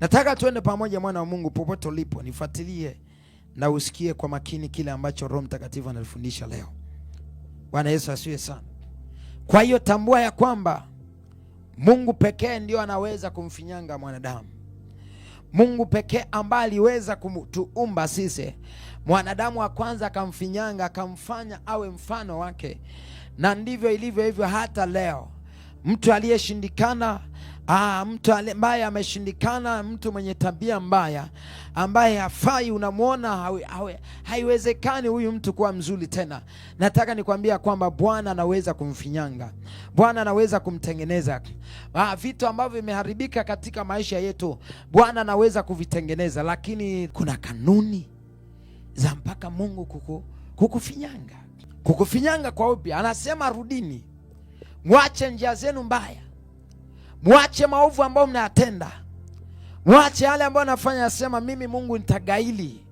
Nataka tuende pamoja, mwana wa Mungu, popote ulipo, nifuatilie na usikie kwa makini kile ambacho Roho Mtakatifu anafundisha leo. Bwana Yesu asiwe sana. Kwa hiyo tambua ya kwamba Mungu pekee ndio anaweza kumfinyanga mwanadamu. Mungu pekee ambaye aliweza kutuumba sisi, mwanadamu wa kwanza akamfinyanga, akamfanya awe mfano wake, na ndivyo ilivyo hivyo hata leo, mtu aliyeshindikana Ah, mtu ambaye ameshindikana, mtu mwenye tabia mbaya ambaye hafai, unamwona haiwezekani huyu mtu kuwa mzuri tena. Nataka nikwambia kwamba Bwana anaweza kumfinyanga, Bwana anaweza kumtengeneza. Ah, vitu ambavyo vimeharibika katika maisha yetu Bwana anaweza kuvitengeneza, lakini kuna kanuni za mpaka Mungu kuku, kukufinyanga, kukufinyanga kwa upya. Anasema rudini, mwache njia zenu mbaya Mwache maovu ambayo mnayatenda, mwache yale ambayo nafanya. Yasema mimi Mungu nitagaili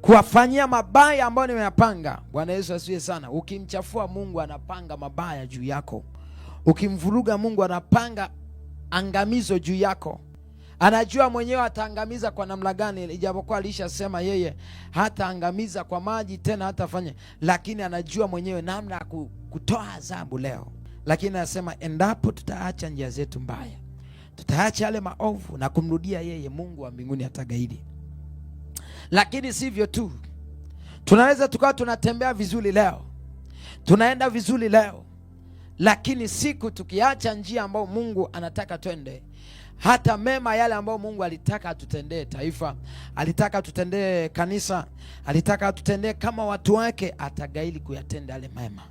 kuwafanyia mabaya ambayo nimeyapanga. Bwana Yesu asiwe sana. Ukimchafua Mungu anapanga mabaya juu yako, ukimvuruga Mungu anapanga angamizo juu yako. Anajua mwenyewe ataangamiza kwa namna gani, ijapokuwa alishasema yeye hataangamiza kwa maji tena hatafanya, lakini anajua mwenyewe namna ya kutoa adhabu leo lakini anasema endapo tutaacha njia zetu mbaya, tutaacha yale maovu na kumrudia yeye, Mungu wa mbinguni atagaidi. Lakini sivyo tu, tunaweza tukawa tunatembea vizuri leo, tunaenda vizuri leo, lakini siku tukiacha njia ambayo Mungu anataka twende hata mema yale ambayo Mungu alitaka atutendee taifa, alitaka atutendee kanisa, alitaka atutendee kama watu wake, atagaili kuyatenda yale mema.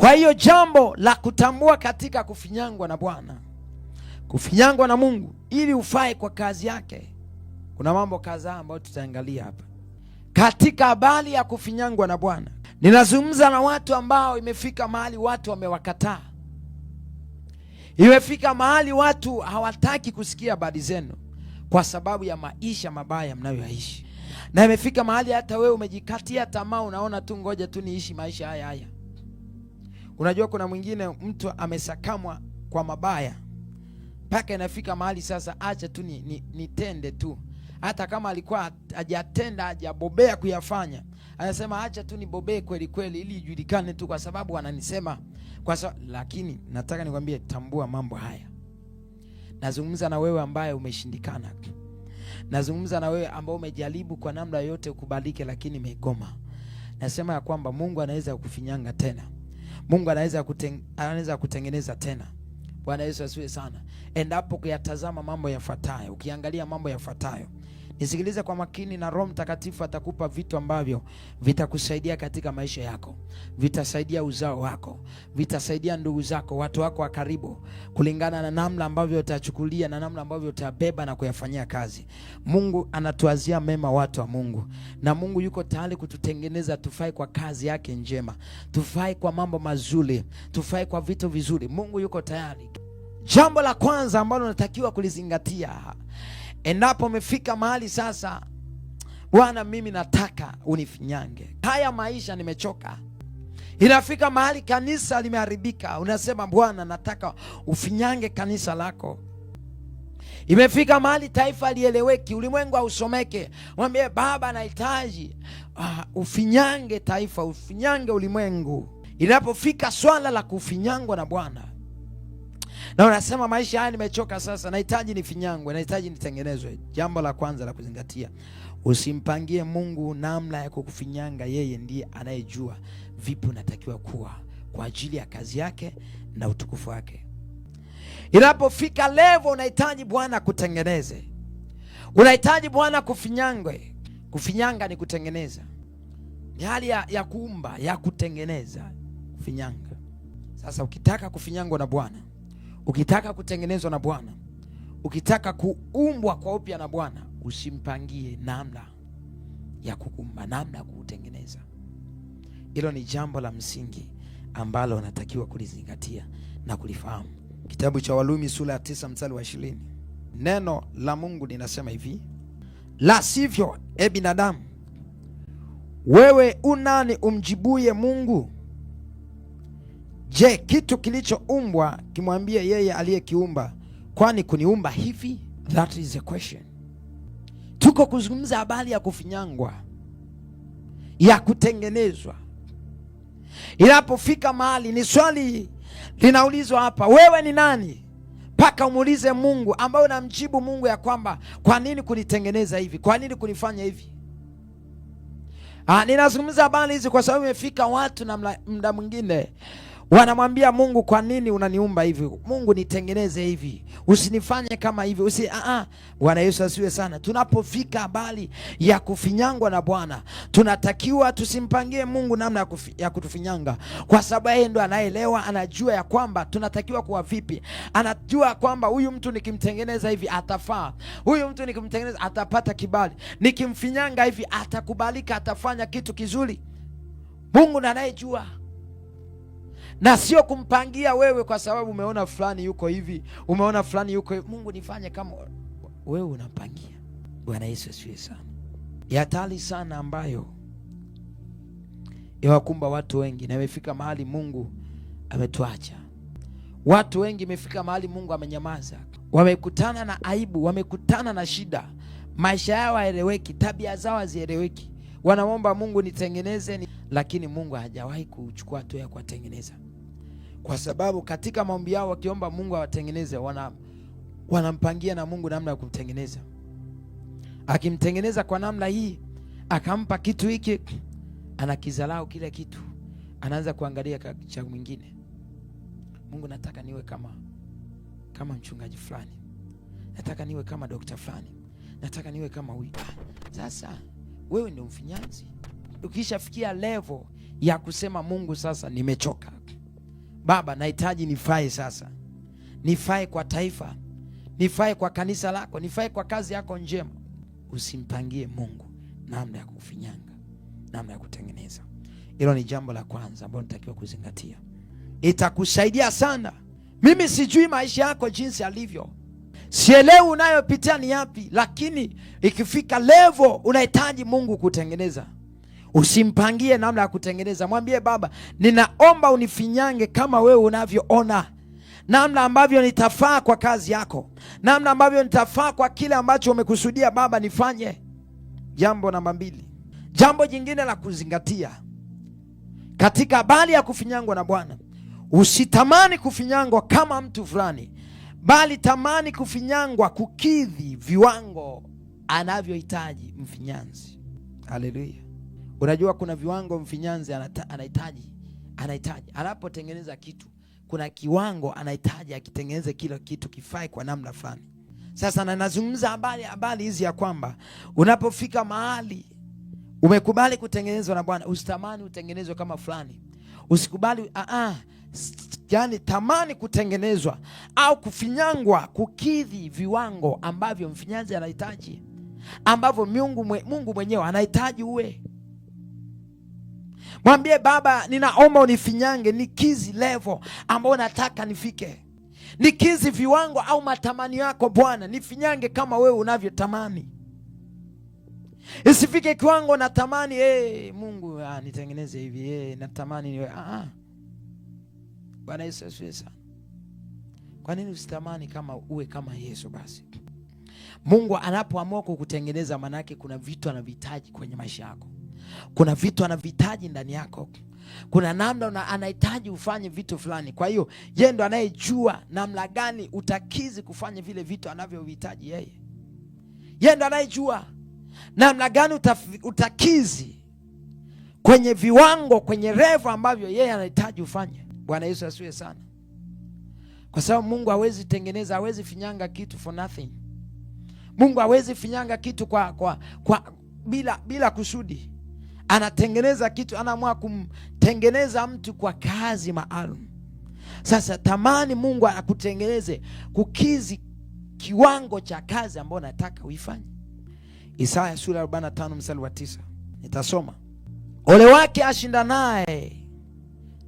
Kwa hiyo jambo la kutambua katika kufinyangwa na Bwana, kufinyangwa na Mungu ili ufae kwa kazi yake, kuna mambo kadhaa ambayo tutaangalia hapa katika habari ya kufinyangwa na Bwana. Ninazungumza na watu ambao imefika mahali watu wamewakataa, imefika mahali watu hawataki kusikia habari zenu kwa sababu ya maisha mabaya mnayoyaishi, na imefika mahali hata wewe umejikatia tamaa, unaona tu, ngoja tu niishi maisha haya haya Unajua kuna mwingine mtu amesakamwa kwa mabaya mpaka inafika mahali sasa, acha tu ni, ni, ni tu hata kama alikuwa hajatenda hajabobea kuyafanya, anasema acha tu nibobee kweli kweli, ili ijulikane tu, kwa sababu ananisema kwa sa... Lakini nataka nikwambie, tambua mambo haya. Nazungumza na wewe ambaye umeshindikana, nazungumza na wewe ambaye umejaribu kwa namna yote ukubalike, lakini imegoma Nasema ya kwamba Mungu anaweza kufinyanga tena. Mungu anaweza kuteng, anaweza kutengeneza tena. Bwana Yesu asiwe sana. Endapo kuyatazama mambo yafuatayo, ukiangalia mambo yafuatayo Nisikilize kwa makini, na Roho Mtakatifu atakupa vitu ambavyo vitakusaidia katika maisha yako, vitasaidia uzao wako, vitasaidia ndugu zako, watu wako wa karibu, kulingana na namna ambavyo utachukulia na namna ambavyo utabeba na kuyafanyia kazi. Mungu anatuazia mema, watu wa Mungu, na Mungu yuko tayari kututengeneza tufai kwa kazi yake njema, tufai kwa mambo mazuri, tufai kwa vitu vizuri. Mungu yuko tayari. Jambo la kwanza ambalo unatakiwa kulizingatia Endapo umefika mahali sasa, Bwana, mimi nataka unifinyange, haya maisha nimechoka. Inafika mahali kanisa limeharibika, unasema Bwana, nataka ufinyange kanisa lako. Imefika mahali taifa lieleweki ulimwengu ausomeke Mwambie Baba, nahitaji uh, ufinyange taifa, ufinyange ulimwengu. Inapofika swala la kufinyangwa na Bwana na unasema maisha haya nimechoka sasa, nahitaji nifinyangwe, nahitaji nitengenezwe. Jambo la kwanza la kuzingatia, usimpangie Mungu namna ya kukufinyanga. Yeye ndiye anayejua vipi unatakiwa kuwa kwa ajili ya kazi yake na utukufu wake. Inapofika levo, unahitaji Bwana kutengeneze, unahitaji Bwana kufinyangwe. Kufinyanga ni kutengeneza, ni hali ya, ya kuumba ya kutengeneza. Kufinyanga sasa, ukitaka kufinyangwa na Bwana Ukitaka kutengenezwa na Bwana, ukitaka kuumbwa kwa upya na Bwana, usimpangie namna ya kuumba, namna ya kuutengeneza. Hilo ni jambo la msingi ambalo unatakiwa kulizingatia na kulifahamu. Kitabu cha Walumi sura ya tisa mstari wa ishirini neno la Mungu linasema hivi, la sivyo, e binadamu, wewe unani umjibuye Mungu? Je, kitu kilichoumbwa kimwambia yeye aliyekiumba, kwani kuniumba hivi? That is a question. Tuko kuzungumza habari ya kufinyangwa, ya kutengenezwa. Inapofika mahali ni swali linaulizwa hapa, wewe ni nani? Mpaka umuulize Mungu, ambayo unamjibu Mungu ya kwamba kwa nini kunitengeneza hivi, kwa nini kunifanya hivi? Ah, ninazungumza habari hizi kwa sababu imefika watu na mda mwingine Wanamwambia Mungu, kwa nini unaniumba hivi? Mungu nitengeneze hivi, usinifanye kama hivi, usi a ah, a. Ah. Bwana Yesu asiwe sana. Tunapofika habari ya kufinyangwa na Bwana, tunatakiwa tusimpangie Mungu namna ya kutufinyanga, kwa sababu yeye ndo anaelewa, anajua ya kwamba tunatakiwa kuwa vipi. Anajua kwamba huyu mtu nikimtengeneza hivi atafaa, huyu mtu nikimtengeneza atapata kibali, nikimfinyanga hivi atakubalika, atafanya kitu kizuri. Mungu anayejua na sio kumpangia wewe, kwa sababu umeona fulani yuko hivi, umeona fulani yuko hivi. Mungu nifanye kama wewe unampangia. Bwana Yesu asifiwe sana. Ya hatari sana ambayo yawakumba watu wengi na imefika mahali Mungu ametuacha watu wengi, imefika mahali Mungu amenyamaza. Wamekutana na aibu, wamekutana na shida, maisha yao haeleweki, tabia zao hazieleweki, wanaomba Mungu nitengeneze ni... lakini Mungu hajawahi kuchukua hatua ya kuwatengeneza kwa sababu katika maombi yao wakiomba Mungu awatengeneze wana, wanampangia na Mungu namna ya kumtengeneza. Akimtengeneza kwa namna hii akampa kitu hiki, anakizalau kile kitu, anaanza kuangalia cha mwingine. Mungu, nataka niwe kama kama mchungaji fulani, nataka niwe kama dokta fulani, nataka niwe kama huyu. Sasa wewe ndio mfinyanzi. Ukishafikia level ya kusema Mungu, sasa nimechoka Baba, nahitaji nifae sasa, nifae kwa taifa, nifae kwa kanisa lako, nifae kwa kazi yako njema. Usimpangie Mungu namna ya kufinyanga, namna ya kutengeneza. Hilo ni jambo la kwanza ambalo nitakiwa kuzingatia. Itakusaidia sana. Mimi sijui maisha yako jinsi yalivyo, sielewi unayopitia ni yapi, lakini ikifika levo unahitaji Mungu kutengeneza Usimpangie namna ya kutengeneza, mwambie Baba, ninaomba unifinyange kama wewe unavyoona namna ambavyo nitafaa kwa kazi yako, namna ambavyo nitafaa kwa kile ambacho umekusudia Baba nifanye. Jambo namba mbili, jambo jingine la kuzingatia katika habari ya kufinyangwa na Bwana, usitamani kufinyangwa kama mtu fulani, bali tamani kufinyangwa kukidhi viwango anavyohitaji mfinyanzi. Haleluya! Unajua kuna viwango mfinyanzi anahitaji anahitaji anapotengeneza kitu, kuna kiwango anahitaji akitengeneze kila kitu kifae kwa namna fulani. Sasa na nazungumza habari habari hizi ya kwamba unapofika mahali umekubali kutengenezwa na Bwana, usitamani utengenezwe kama fulani, usikubali aa, ah, ah, yani tamani kutengenezwa au kufinyangwa kukidhi viwango ambavyo mfinyanzi anahitaji, ambavyo Mungu mwenyewe anahitaji uwe Mwambie Baba, ninaomba unifinyange, nikizi level ambayo nataka nifike, nikizi viwango au matamanio yako Bwana, nifinyange kama wewe unavyotamani. Isifike kiwango natamani hey, eh, Mungu ah, nitengeneze hivi hey, eh, natamani niwe ah, ah. Bwana Yesu asifiwe sana. Kwa nini usitamani kama uwe kama Yesu? Basi Mungu anapoamua kukutengeneza, maanake kuna vitu anavihitaji kwenye maisha yako. Kuna vitu anavihitaji ndani yako, kuna namna anahitaji ufanye vitu fulani. Kwa hiyo ye ndo anayejua namna gani utakizi kufanya vile vitu anavyovihitaji yeye. Ye ndo anayejua namna gani utakizi kwenye viwango, kwenye revo ambavyo yeye anahitaji ufanye. Bwana Yesu asiwe sana, kwa sababu Mungu hawezi tengeneza, hawezi finyanga kitu for nothing. Mungu hawezi finyanga kitu kwa, kwa, kwa bila, bila kusudi anatengeneza kitu, anaamua kumtengeneza mtu kwa kazi maalum. Sasa tamani Mungu akutengeneze kukizi kiwango cha kazi ambayo nataka uifanye. Isaya sura 45 mstari wa tisa nitasoma. Ole wake ashindanaye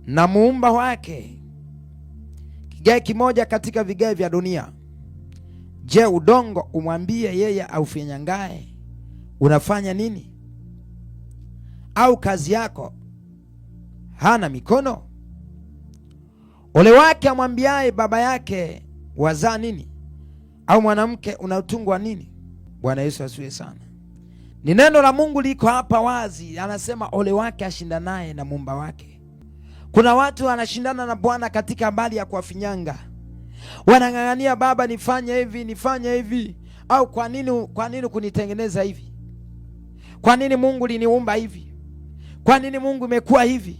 na muumba wake, kigae kimoja katika vigae vya dunia. Je, udongo umwambie yeye aufyanyangae, unafanya nini? au kazi yako hana mikono? Ole wake amwambiaye baba yake wazaa nini, au mwanamke unatungwa nini? Bwana Yesu asiwe sana. Ni neno la Mungu liko hapa wazi, anasema ole wake ashindanaye na muumba wake. Kuna watu wanashindana na Bwana katika habari ya kuwafinyanga, wanang'ang'ania Baba, nifanye hivi nifanye hivi, au kwa nini, kwa nini kunitengeneza hivi? Kwa nini Mungu liniumba hivi? Kwa nini Mungu imekuwa hivi?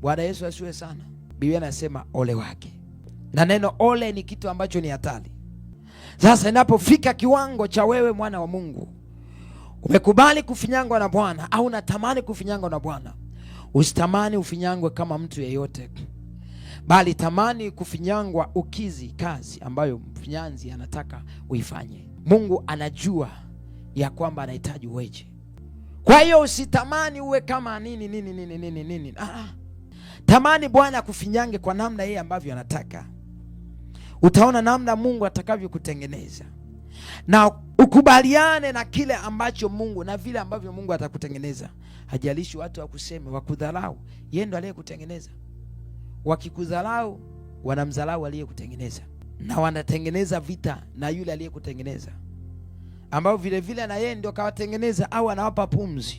Bwana Yesu asiwe sana. Biblia anasema ole wake, na neno ole ni kitu ambacho ni hatari. Sasa inapofika kiwango cha wewe mwana wa Mungu umekubali kufinyangwa na Bwana au unatamani kufinyangwa na Bwana, usitamani ufinyangwe kama mtu yeyote, bali tamani kufinyangwa ukizi kazi ambayo mfinyanzi anataka uifanye. Mungu anajua ya kwamba anahitaji uweje kwa hiyo usitamani uwe kama nini nini nini nini nini. Ah, ah, tamani Bwana akufinyange kwa namna yeye ambavyo anataka. Utaona namna Mungu atakavyokutengeneza na ukubaliane na kile ambacho Mungu na vile ambavyo Mungu atakutengeneza. Hajalishi watu wakuseme, wakudharau, yeye ndo aliyekutengeneza. Wakikudharau wanamdharau aliyekutengeneza, na wanatengeneza vita na yule aliyekutengeneza ambao vilevile na yeye ndio kawatengeneza au anawapa pumzi.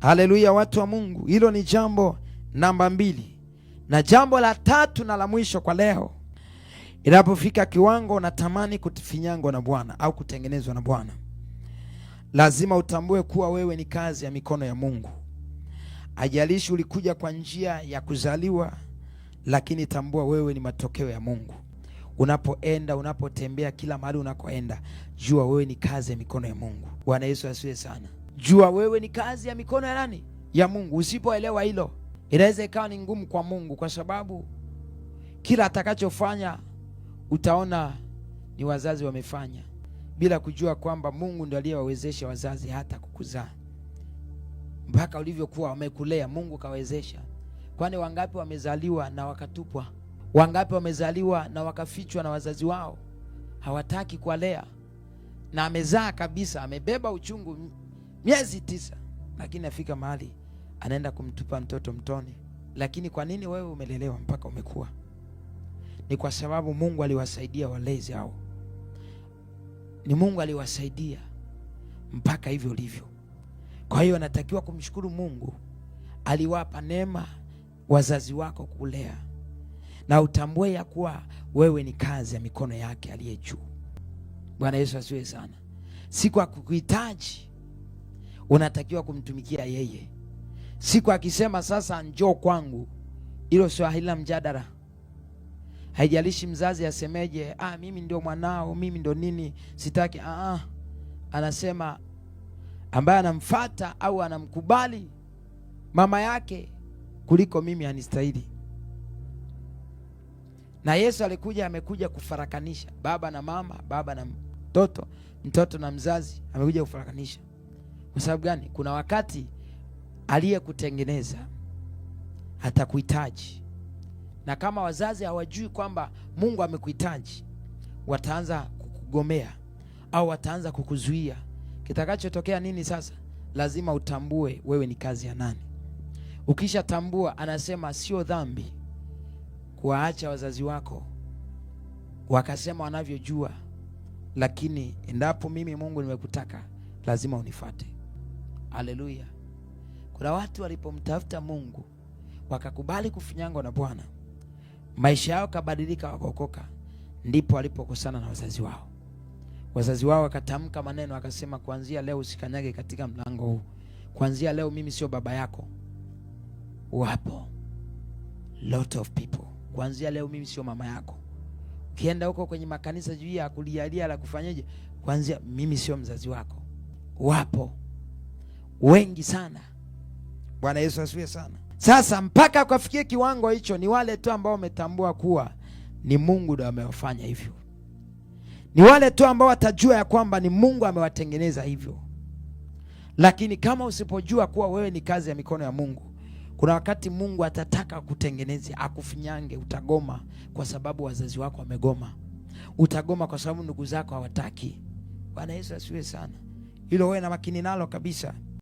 Haleluya, watu wa Mungu, hilo ni jambo namba mbili. Na jambo la tatu na la mwisho kwa leo, inapofika kiwango unatamani kufinyangwa na Bwana au kutengenezwa na Bwana, lazima utambue kuwa wewe ni kazi ya mikono ya Mungu. Ajalishi ulikuja kwa njia ya kuzaliwa, lakini tambua wewe ni matokeo ya Mungu. Unapoenda, unapotembea, kila mahali unakoenda, jua wewe ni kazi ya mikono ya Mungu. Bwana Yesu asiwe sana. Jua wewe ni kazi ya mikono ya nani? Ya Mungu. Usipoelewa hilo, inaweza ikawa ni ngumu kwa Mungu, kwa sababu kila atakachofanya utaona ni wazazi wamefanya, bila kujua kwamba Mungu ndiye aliyewawezesha wazazi hata kukuzaa mpaka ulivyokuwa wamekulea. Mungu kawezesha, kwani wangapi wamezaliwa na wakatupwa Wangapi wamezaliwa na wakafichwa na wazazi wao, hawataki kuwalea, na amezaa kabisa, amebeba uchungu miezi tisa, lakini afika mahali anaenda kumtupa mtoto mtoni. Lakini kwa nini wewe umelelewa mpaka umekuwa? Ni kwa sababu Mungu aliwasaidia walezi hao, ni Mungu aliwasaidia mpaka hivyo ulivyo. Kwa hiyo anatakiwa kumshukuru Mungu, aliwapa neema wazazi wako kulea na utambue ya kuwa wewe ni kazi ya mikono yake aliye juu. Bwana Yesu asiwe sana. Siku akukuhitaji unatakiwa kumtumikia yeye. Siku akisema sasa njoo kwangu, hilo sio halina mjadala. Haijalishi mzazi asemeje, ah, mimi ndio mwanao, mimi ndio nini, sitaki. Ah, ah, anasema ambaye anamfata au anamkubali mama yake kuliko mimi anistahili na Yesu alikuja, amekuja kufarakanisha baba na mama, baba na mtoto, mtoto na mzazi, amekuja kufarakanisha. Kwa sababu gani? Kuna wakati aliyekutengeneza atakuhitaji, na kama wazazi hawajui kwamba Mungu amekuhitaji, wataanza kukugomea au wataanza kukuzuia. Kitakachotokea nini sasa? Lazima utambue wewe ni kazi ya nani. Ukishatambua, anasema sio dhambi kuwaacha wazazi wako wakasema wanavyojua, lakini endapo mimi Mungu nimekutaka lazima unifate. Haleluya! Kuna watu walipomtafuta Mungu wakakubali kufinyangwa na Bwana, maisha yao kabadilika, wakaokoka, ndipo walipokosana na wazazi wao. Wazazi wao wakatamka maneno, akasema kuanzia leo usikanyage katika mlango huu, kuanzia leo mimi sio baba yako. Wapo lot of people kuanzia leo mimi sio mama yako. Ukienda huko kwenye makanisa juu ya kulialia la kufanyaje, kuanzia mimi sio mzazi wako. Wapo wengi sana. Bwana Yesu asifiwe sana. Sasa mpaka kufikia kiwango hicho ni wale tu ambao wametambua kuwa ni Mungu ndo amewafanya hivyo. Ni wale tu ambao watajua ya kwamba ni Mungu amewatengeneza hivyo. Lakini kama usipojua kuwa wewe ni kazi ya mikono ya Mungu kuna wakati Mungu atataka kutengeneze akufinyange, utagoma kwa sababu wazazi wako wamegoma, utagoma kwa sababu ndugu zako hawataki. Bwana Yesu asiwe sana, hilo wewe na makini nalo kabisa.